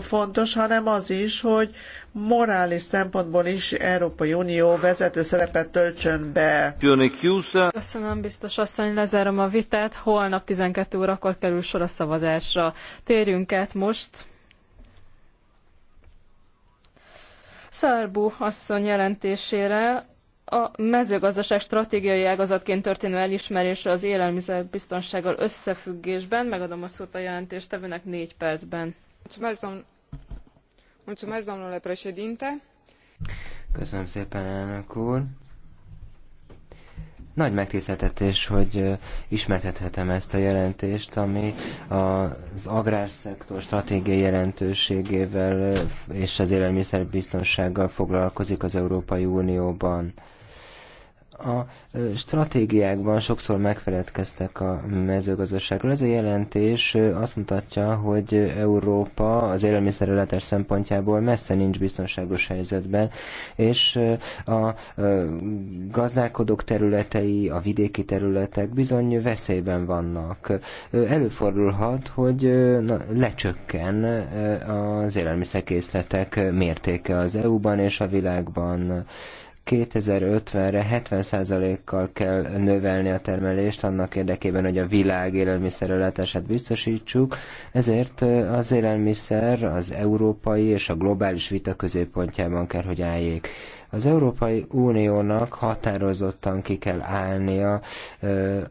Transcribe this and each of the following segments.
fontos, hanem az is, hogy morális szempontból is Európai Unió vezető szerepet töltsön be. Köszönöm, biztos asszony, lezárom a vitát. Holnap 12 órakor kerül sor a szavazásra. Térjünk át most. Szarbu asszony jelentésére a mezőgazdaság stratégiai ágazatként történő elismerése az élelmiszerbiztonsággal összefüggésben. Megadom a szót a jelentéstevőnek négy percben. Köszönöm szépen, elnök úr. Nagy megtiszteltetés, hogy ismertethetem ezt a jelentést, ami az agrárszektor stratégiai jelentőségével és az élelmiszerbiztonsággal foglalkozik az Európai Unióban. A stratégiákban sokszor megfeledkeztek a mezőgazdaságról. Ez a jelentés azt mutatja, hogy Európa az élelmiszerületes szempontjából messze nincs biztonságos helyzetben, és a gazdálkodók területei, a vidéki területek bizony veszélyben vannak. Előfordulhat, hogy lecsökken az élelmiszerkészletek mértéke az EU-ban és a világban 2050-re 70%-kal kell növelni a termelést annak érdekében, hogy a világ élelmiszerellátását biztosítsuk, ezért az élelmiszer az európai és a globális vita középpontjában kell, hogy álljék. Az Európai Uniónak határozottan ki kell állnia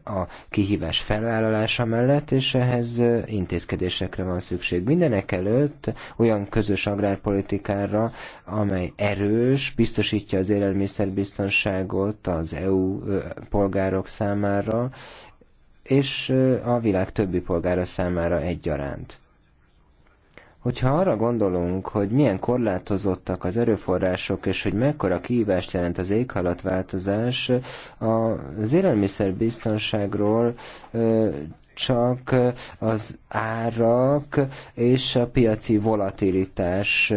a kihívás felvállalása mellett, és ehhez intézkedésekre van szükség. Mindenek előtt olyan közös agrárpolitikára, amely erős, biztosítja az élelmiszerbiztonságot az EU polgárok számára, és a világ többi polgára számára egyaránt. Hogyha arra gondolunk, hogy milyen korlátozottak az erőforrások, és hogy mekkora kihívást jelent az éghajlatváltozás, az élelmiszerbiztonságról csak az árak és a piaci volatilitás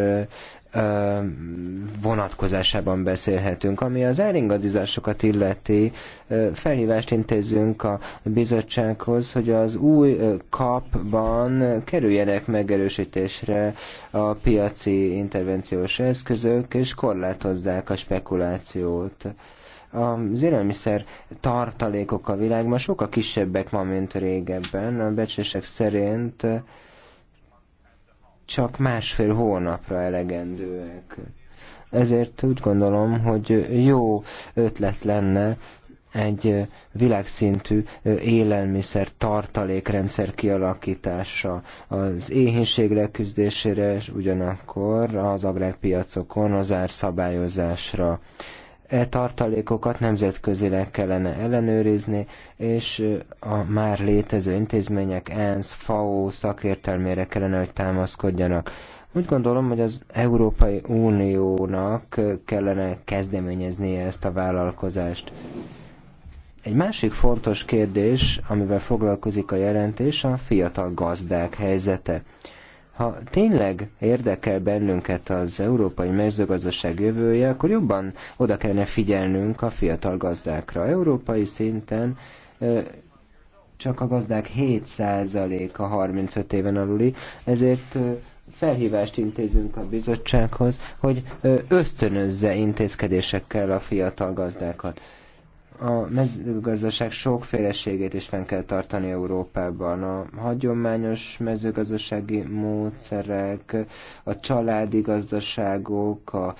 vonatkozásában beszélhetünk. Ami az elringadizásokat illeti, felhívást intézünk a bizottsághoz, hogy az új kapban kerüljenek megerősítésre a piaci intervenciós eszközök, és korlátozzák a spekulációt az élelmiszer tartalékok a világban sokkal kisebbek ma, mint régebben. A becsések szerint csak másfél hónapra elegendőek. Ezért úgy gondolom, hogy jó ötlet lenne egy világszintű élelmiszer tartalékrendszer kialakítása az éhénység leküzdésére, és ugyanakkor az agrárpiacokon az árszabályozásra e tartalékokat nemzetközileg kellene ellenőrizni, és a már létező intézmények, ENSZ, FAO szakértelmére kellene, hogy támaszkodjanak. Úgy gondolom, hogy az Európai Uniónak kellene kezdeményeznie ezt a vállalkozást. Egy másik fontos kérdés, amivel foglalkozik a jelentés, a fiatal gazdák helyzete. Ha tényleg érdekel bennünket az európai mezőgazdaság jövője, akkor jobban oda kellene figyelnünk a fiatal gazdákra. Európai szinten csak a gazdák 7%-a 35 éven aluli, ezért felhívást intézünk a bizottsághoz, hogy ösztönözze intézkedésekkel a fiatal gazdákat a mezőgazdaság sokféleségét is fenn kell tartani Európában. A hagyományos mezőgazdasági módszerek, a családi gazdaságok, a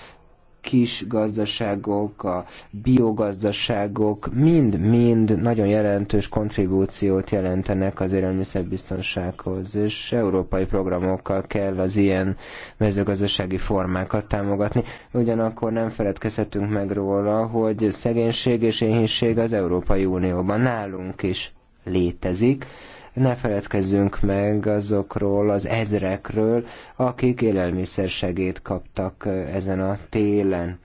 kis gazdaságok, a biogazdaságok mind-mind nagyon jelentős kontribúciót jelentenek az élelmiszerbiztonsághoz, és európai programokkal kell az ilyen mezőgazdasági formákat támogatni. Ugyanakkor nem feledkezhetünk meg róla, hogy szegénység és éhínség az Európai Unióban nálunk is létezik ne feledkezzünk meg azokról az ezrekről, akik élelmiszersegét kaptak eh, ezen a télen.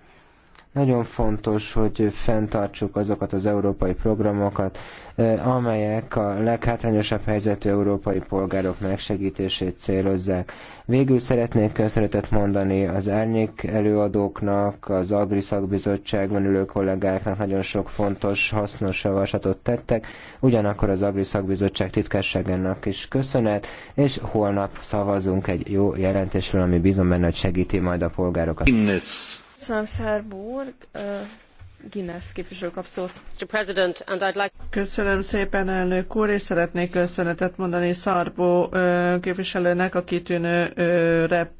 Nagyon fontos, hogy fenntartsuk azokat az európai programokat, eh, amelyek a leghátrányosabb helyzetű európai polgárok megsegítését célozzák. Végül szeretnék köszönetet mondani az árnyék előadóknak, az Agri Szakbizottságban ülő kollégáknak nagyon sok fontos, hasznos javaslatot tettek, ugyanakkor az Agri Szakbizottság titkárságának is köszönet, és holnap szavazunk egy jó jelentésről, ami bizony benne, hogy segíti majd a polgárokat. Innes. Köszönöm, Szerbúr. Guinness képviselő kap szót. Köszönöm szépen, elnök úr, és szeretnék köszönetet mondani Szarbó képviselőnek a kitűnő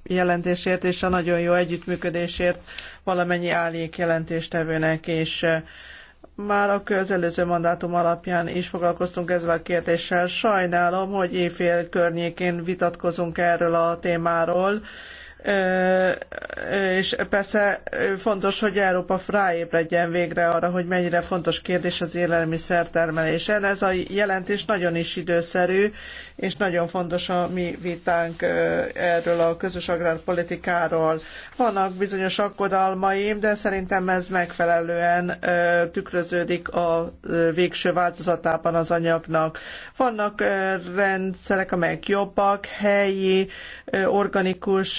jelentésért és a nagyon jó együttműködésért valamennyi állék jelentéstevőnek is. Már a közelőző mandátum alapján is foglalkoztunk ezzel a kérdéssel. Sajnálom, hogy éjfél környékén vitatkozunk erről a témáról, és persze fontos, hogy Európa ráébredjen végre arra, hogy mennyire fontos kérdés az élelmiszer termelésen. Ez a jelentés nagyon is időszerű, és nagyon fontos a mi vitánk erről a közös agrárpolitikáról. Vannak bizonyos akkodalmaim, de szerintem ez megfelelően tükröződik a végső változatában az anyagnak. Vannak rendszerek, amelyek jobbak, helyi, organikus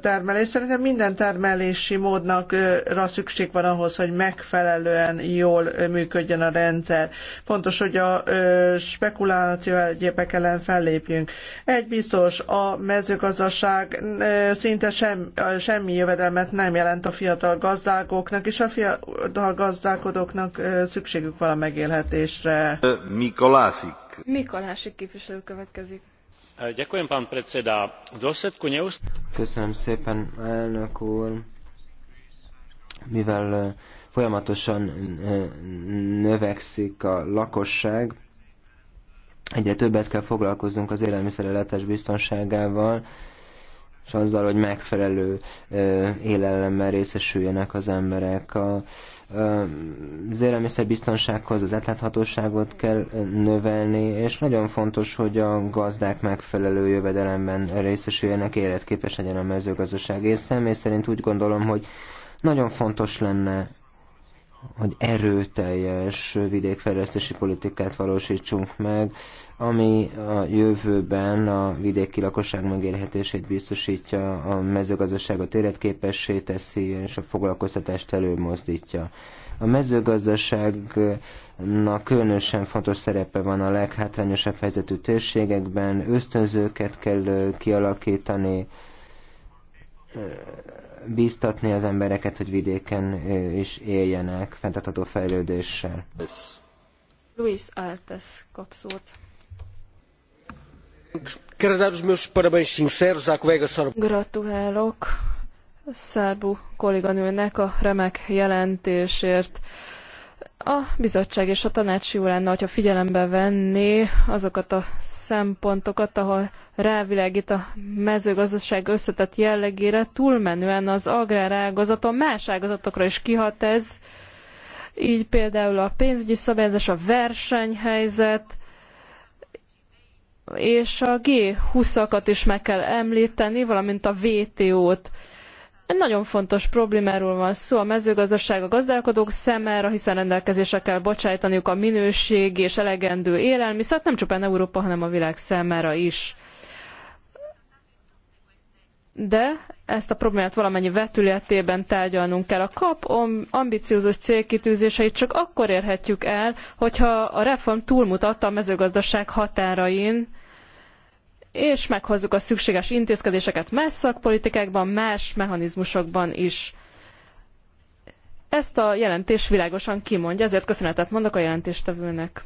termelés. Szerintem minden termelési módnak rá szükség van ahhoz, hogy megfelelően jól működjön a rendszer. Fontos, hogy a spekuláció egyébek ellen fel fellépjünk. Egy biztos, a mezőgazdaság szinte sem, semmi jövedelmet nem jelent a fiatal gazdákoknak, és a fiatal gazdálkodóknak szükségük van a megélhetésre. Mikolásik. Mikolásik képviselő következik. Köszönöm szépen, elnök úr. Mivel folyamatosan növekszik a lakosság, Egyre többet kell foglalkoznunk az élelmiszerellátás biztonságával, és azzal, hogy megfelelő élelemmel részesüljenek az emberek. A, ö, az élelmiszerbiztonsághoz az etláthatóságot kell növelni, és nagyon fontos, hogy a gazdák megfelelő jövedelemben részesüljenek, életképes legyen a mezőgazdaság. És személy szerint úgy gondolom, hogy nagyon fontos lenne hogy erőteljes vidékfejlesztési politikát valósítsunk meg, ami a jövőben a vidéki lakosság megélhetését biztosítja, a mezőgazdaságot életképessé teszi, és a foglalkoztatást előmozdítja. A mezőgazdaságnak különösen fontos szerepe van a leghátrányosabb helyzetű térségekben, ösztönzőket kell kialakítani, bíztatni az embereket, hogy vidéken is éljenek fenntartható fejlődéssel. Luis Altes kap Gratulálok Szárbu kolléganőnek a remek jelentésért. A bizottság és a tanács jó lenne, hogyha figyelembe venné azokat a szempontokat, ahol rávilágít a mezőgazdaság összetett jellegére, túlmenően az agrárágazaton más ágazatokra is kihat ez, így például a pénzügyi szabályozás, a versenyhelyzet, és a G20-akat is meg kell említeni, valamint a WTO-t. Egy nagyon fontos problémáról van szó a mezőgazdaság a gazdálkodók számára, hiszen rendelkezésre kell bocsájtaniuk a minőség és elegendő élelmiszert, nem csupán Európa, hanem a világ számára is. De ezt a problémát valamennyi vetületében tárgyalnunk kell. A kap ambiciózus célkitűzéseit csak akkor érhetjük el, hogyha a reform túlmutat a mezőgazdaság határain, és meghozzuk a szükséges intézkedéseket más szakpolitikákban, más mechanizmusokban is. Ezt a jelentés világosan kimondja, ezért köszönetet mondok a jelentéstevőnek.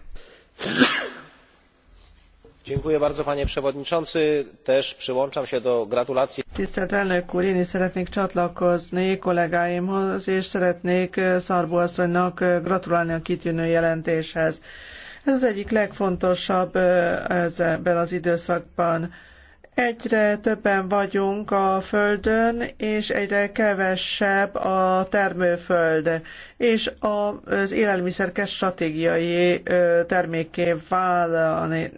Dziękuję bardzo, panie przewodniczący. Też przyłączam się do gratulacji. Tisztelt elnök úr, én is szeretnék csatlakozni kollégáimhoz, és szeretnék Szarbó asszonynak gratulálni a kitűnő jelentéshez. Ez az egyik legfontosabb ebben az időszakban. Egyre többen vagyunk a Földön, és egyre kevesebb a termőföld, és az élelmiszerkes stratégiai termékké válni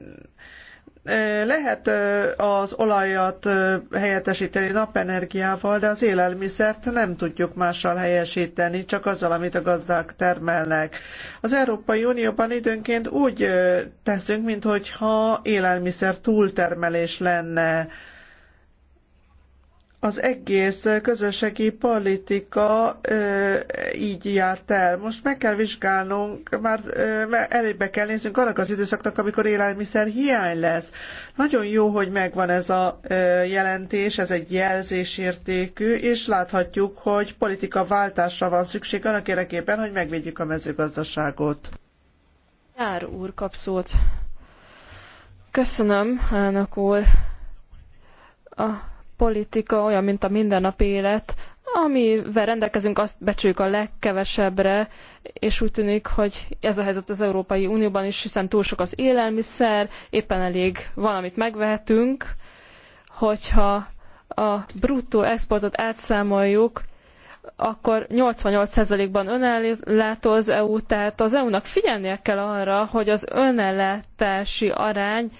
lehet az olajat helyettesíteni napenergiával, de az élelmiszert nem tudjuk mással helyesíteni, csak azzal, amit a gazdák termelnek. Az Európai Unióban időnként úgy teszünk, mintha élelmiszer túltermelés lenne az egész közösségi politika ö, így járt el. Most meg kell vizsgálnunk, már ö, elébe kell néznünk annak az időszaknak, amikor élelmiszer hiány lesz. Nagyon jó, hogy megvan ez a ö, jelentés, ez egy jelzésértékű, és láthatjuk, hogy politika váltásra van szükség annak érdekében, hogy megvédjük a mezőgazdaságot. Jár úr kap szót. Köszönöm, elnök úr. A politika olyan, mint a mindennapi élet, amivel rendelkezünk, azt becsüljük a legkevesebbre, és úgy tűnik, hogy ez a helyzet az Európai Unióban is, hiszen túl sok az élelmiszer, éppen elég valamit megvehetünk, hogyha a bruttó exportot átszámoljuk, akkor 88%-ban önellátó az EU, tehát az EU-nak figyelnie kell arra, hogy az önellátási arány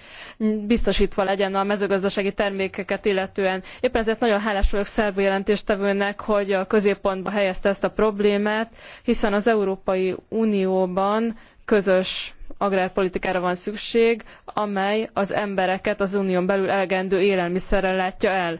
biztosítva legyen a mezőgazdasági termékeket illetően. Éppen ezért nagyon hálás vagyok szerb jelentéstevőnek, hogy a középpontba helyezte ezt a problémát, hiszen az Európai Unióban közös agrárpolitikára van szükség, amely az embereket az unión belül elegendő élelmiszerrel látja el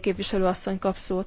képviselő asszony kap szót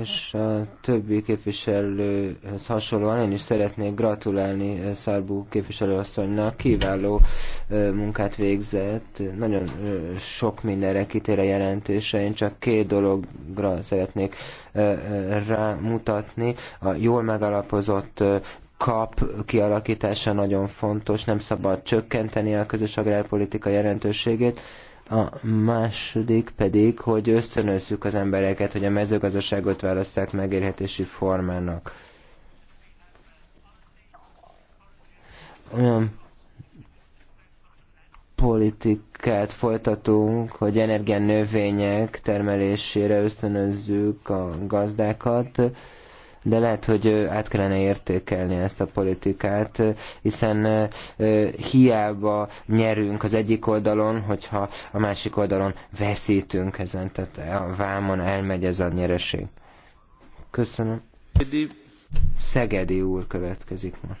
és a többi képviselőhez hasonlóan én is szeretnék gratulálni eh, Szarbú képviselőasszonynak, kiváló eh, munkát végzett, nagyon eh, sok mindenre kitér a jelentése, én csak két dologra szeretnék rámutatni, a jól megalapozott kap kialakítása nagyon fontos, nem szabad csökkenteni a közös agrárpolitika jelentőségét, a második pedig, hogy ösztönözzük az embereket, hogy a mezőgazdaságot választják megérhetési formának. Olyan politikát folytatunk, hogy energianövények termelésére ösztönözzük a gazdákat, de lehet, hogy át kellene értékelni ezt a politikát, hiszen hiába nyerünk az egyik oldalon, hogyha a másik oldalon veszítünk ezen, tehát a vámon elmegy ez a nyereség. Köszönöm. Szegedi úr következik most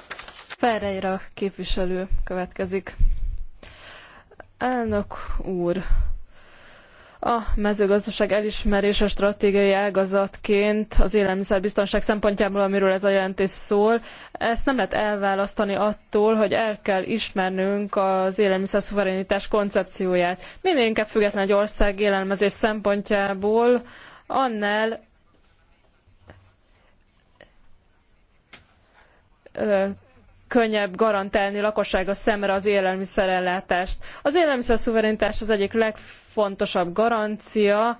Ferreira képviselő következik. Elnök úr, a mezőgazdaság elismerése stratégiai ágazatként az élelmiszerbiztonság szempontjából, amiről ez a jelentés szól, ezt nem lehet elválasztani attól, hogy el kell ismernünk az élelmiszer szuverenitás koncepcióját. Minél inkább független egy ország élelmezés szempontjából, annál ö, könnyebb garantálni lakossága szemre az élelmiszerellátást. Az élelmiszer szuverenitás az egyik legfontosabb garancia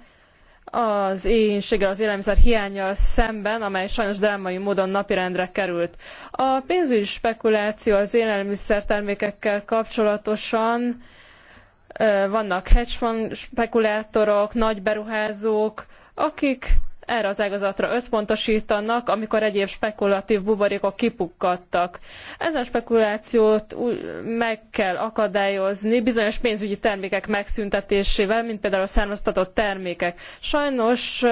az éhénységgel, az élelmiszer hiányjal szemben, amely sajnos drámai módon napirendre került. A pénzügyi spekuláció az élelmiszer termékekkel kapcsolatosan vannak hedge fund spekulátorok, nagy beruházók, akik erre az ágazatra összpontosítanak, amikor egyéb spekulatív buborékok kipukkadtak. Ezen spekulációt meg kell akadályozni bizonyos pénzügyi termékek megszüntetésével, mint például a származtatott termékek. Sajnos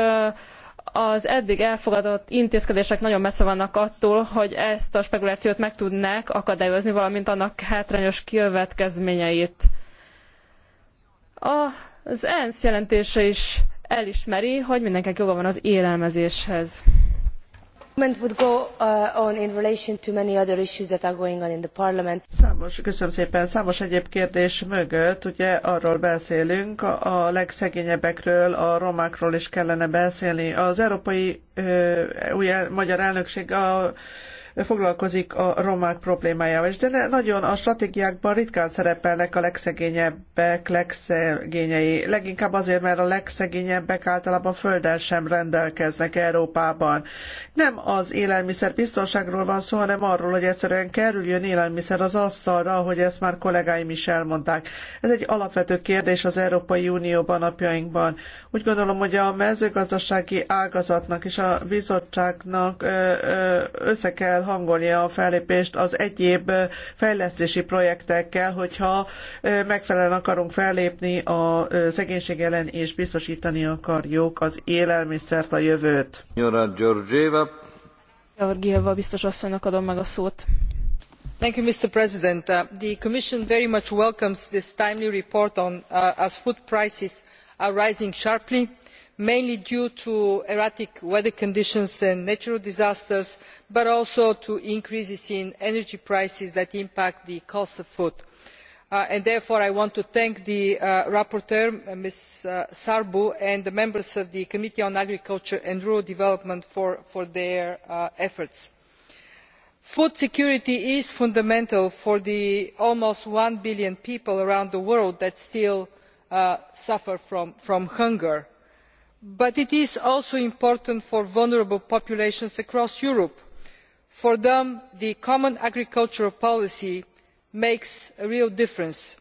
az eddig elfogadott intézkedések nagyon messze vannak attól, hogy ezt a spekulációt meg tudnák akadályozni, valamint annak hátrányos következményeit. Az ENSZ jelentése is elismeri, hogy mindenkinek joga van az élelmezéshez. Uh, Számos, köszönöm szépen. Számos egyéb kérdés mögött, ugye arról beszélünk, a legszegényebbekről, a romákról is kellene beszélni. Az Európai új magyar elnökség a foglalkozik a romák problémájával, és de nagyon a stratégiákban ritkán szerepelnek a legszegényebbek, legszegényei. Leginkább azért, mert a legszegényebbek általában földdel sem rendelkeznek Európában. Nem az élelmiszer biztonságról van szó, hanem arról, hogy egyszerűen kerüljön élelmiszer az asztalra, ahogy ezt már kollégáim is elmondták. Ez egy alapvető kérdés az Európai Unióban napjainkban. Úgy gondolom, hogy a mezőgazdasági ágazatnak és a bizottságnak össze kell hangolnia a fellépést az egyéb fejlesztési projektekkel, hogyha megfelelően akarunk fellépni a szegénység ellen és biztosítani akarjuk az élelmiszert, a jövőt. Georgieva. Georgieva biztos asszonynak adom meg a szót. You, mr president uh, the commission very much welcomes this timely report on, uh, as food prices are rising sharply mainly due to erratic weather conditions and natural disasters but also to increases in energy prices that impact the cost of food. Uh, therefore i want to thank the uh, rapporteur uh, ms srbu and the members of the committee on agriculture and rural development for their efforts. food security is fundamental for the almost one billion people around the world who still suffer from hunger but it is also important for vulnerable populations across europe. for them the common agricultural policy makes a real difference.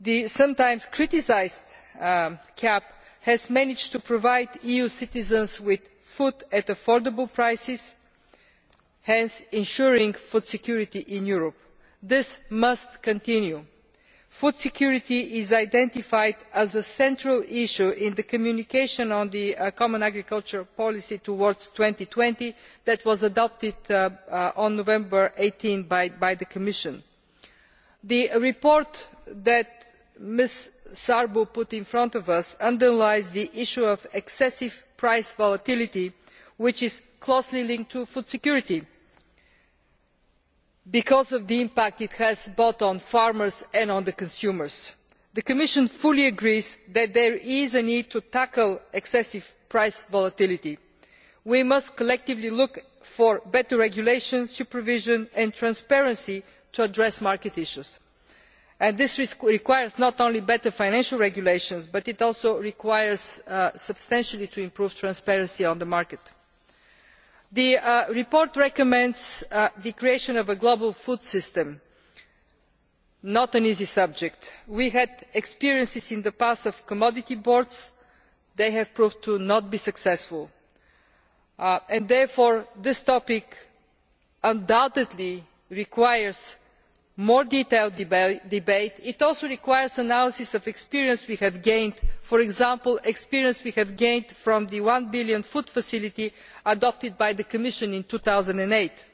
the sometimes criticised um, cap has managed to provide eu citizens with food at affordable prices hence ensuring food security in europe. this must continue food security is identified as a central issue in the communication on the uh, common agricultural policy towards two thousand and twenty that was adopted uh, uh, on eighteen november by the commission. the report that ms srbu put in front of us underlines the issue of excessive price volatility which is closely linked to food security because of the impact it has both on farmers and on consumers. the commission fully agrees that there is a need to tackle excessive price volatility. we must collectively look for better regulation supervision and transparency to address market issues and this requires not only better financial regulations but it also requires uh, substantially improved transparency on the market the uh, report recommends uh, the creation of a global food system not an easy subject. we had experiences in the past of commodity boards they have proved not to be successful uh, and therefore this topic undoubtedly requires more detailed debate. it also requires an analysis of experience we have gained for example experience we have gained from the one billion food facility adopted by the commission in two thousand and eight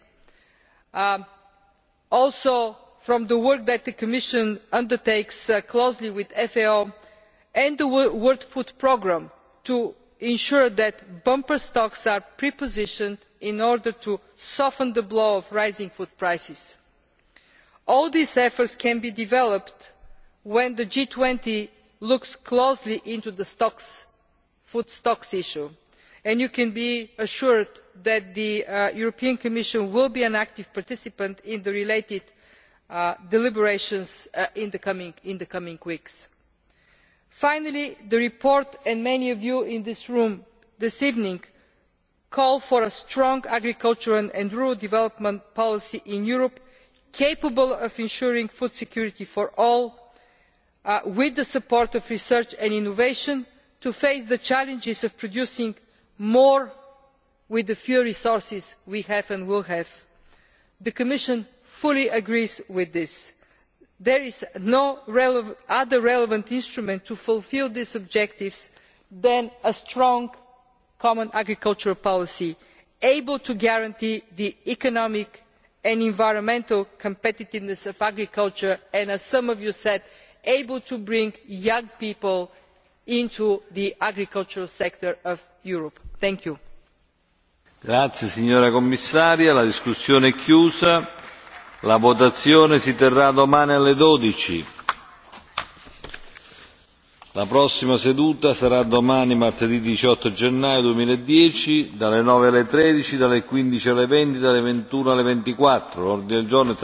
um, also from the work that the commission undertakes uh, closely with fao and the world food programme to ensure that bumper stocks are pre positioned in order to soften the blow of rising food prices all these efforts can be developed when the g twenty looks closely into the food stocks issue and you can be assured that the uh, european commission will be an active participant in the related uh, deliberations uh, in the coming weeks. finally the report and many of you in this room this evening call for a strong agricultural and rural development policy in europe capable of ensuring food security for all uh, with the support of research and innovation to face the challenges of producing more with the fewer resources we have and will have. the commission fully agrees with this. there is no other relevant instrument to fulfil these objectives than a strong common agricultural policy able to guarantee the economic and environmental competitiveness of agriculture and as some of you said able to bring young people into the agricultural sector of europe. thank you. grazie signora commissaria la discussione è chiusa la votazione si terrà domani alle. dodici La prossima seduta sarà domani martedì 18 gennaio 2010 dalle 9 alle 13, dalle 15 alle 20, dalle 21 alle 24. L'ordine del giorno è stato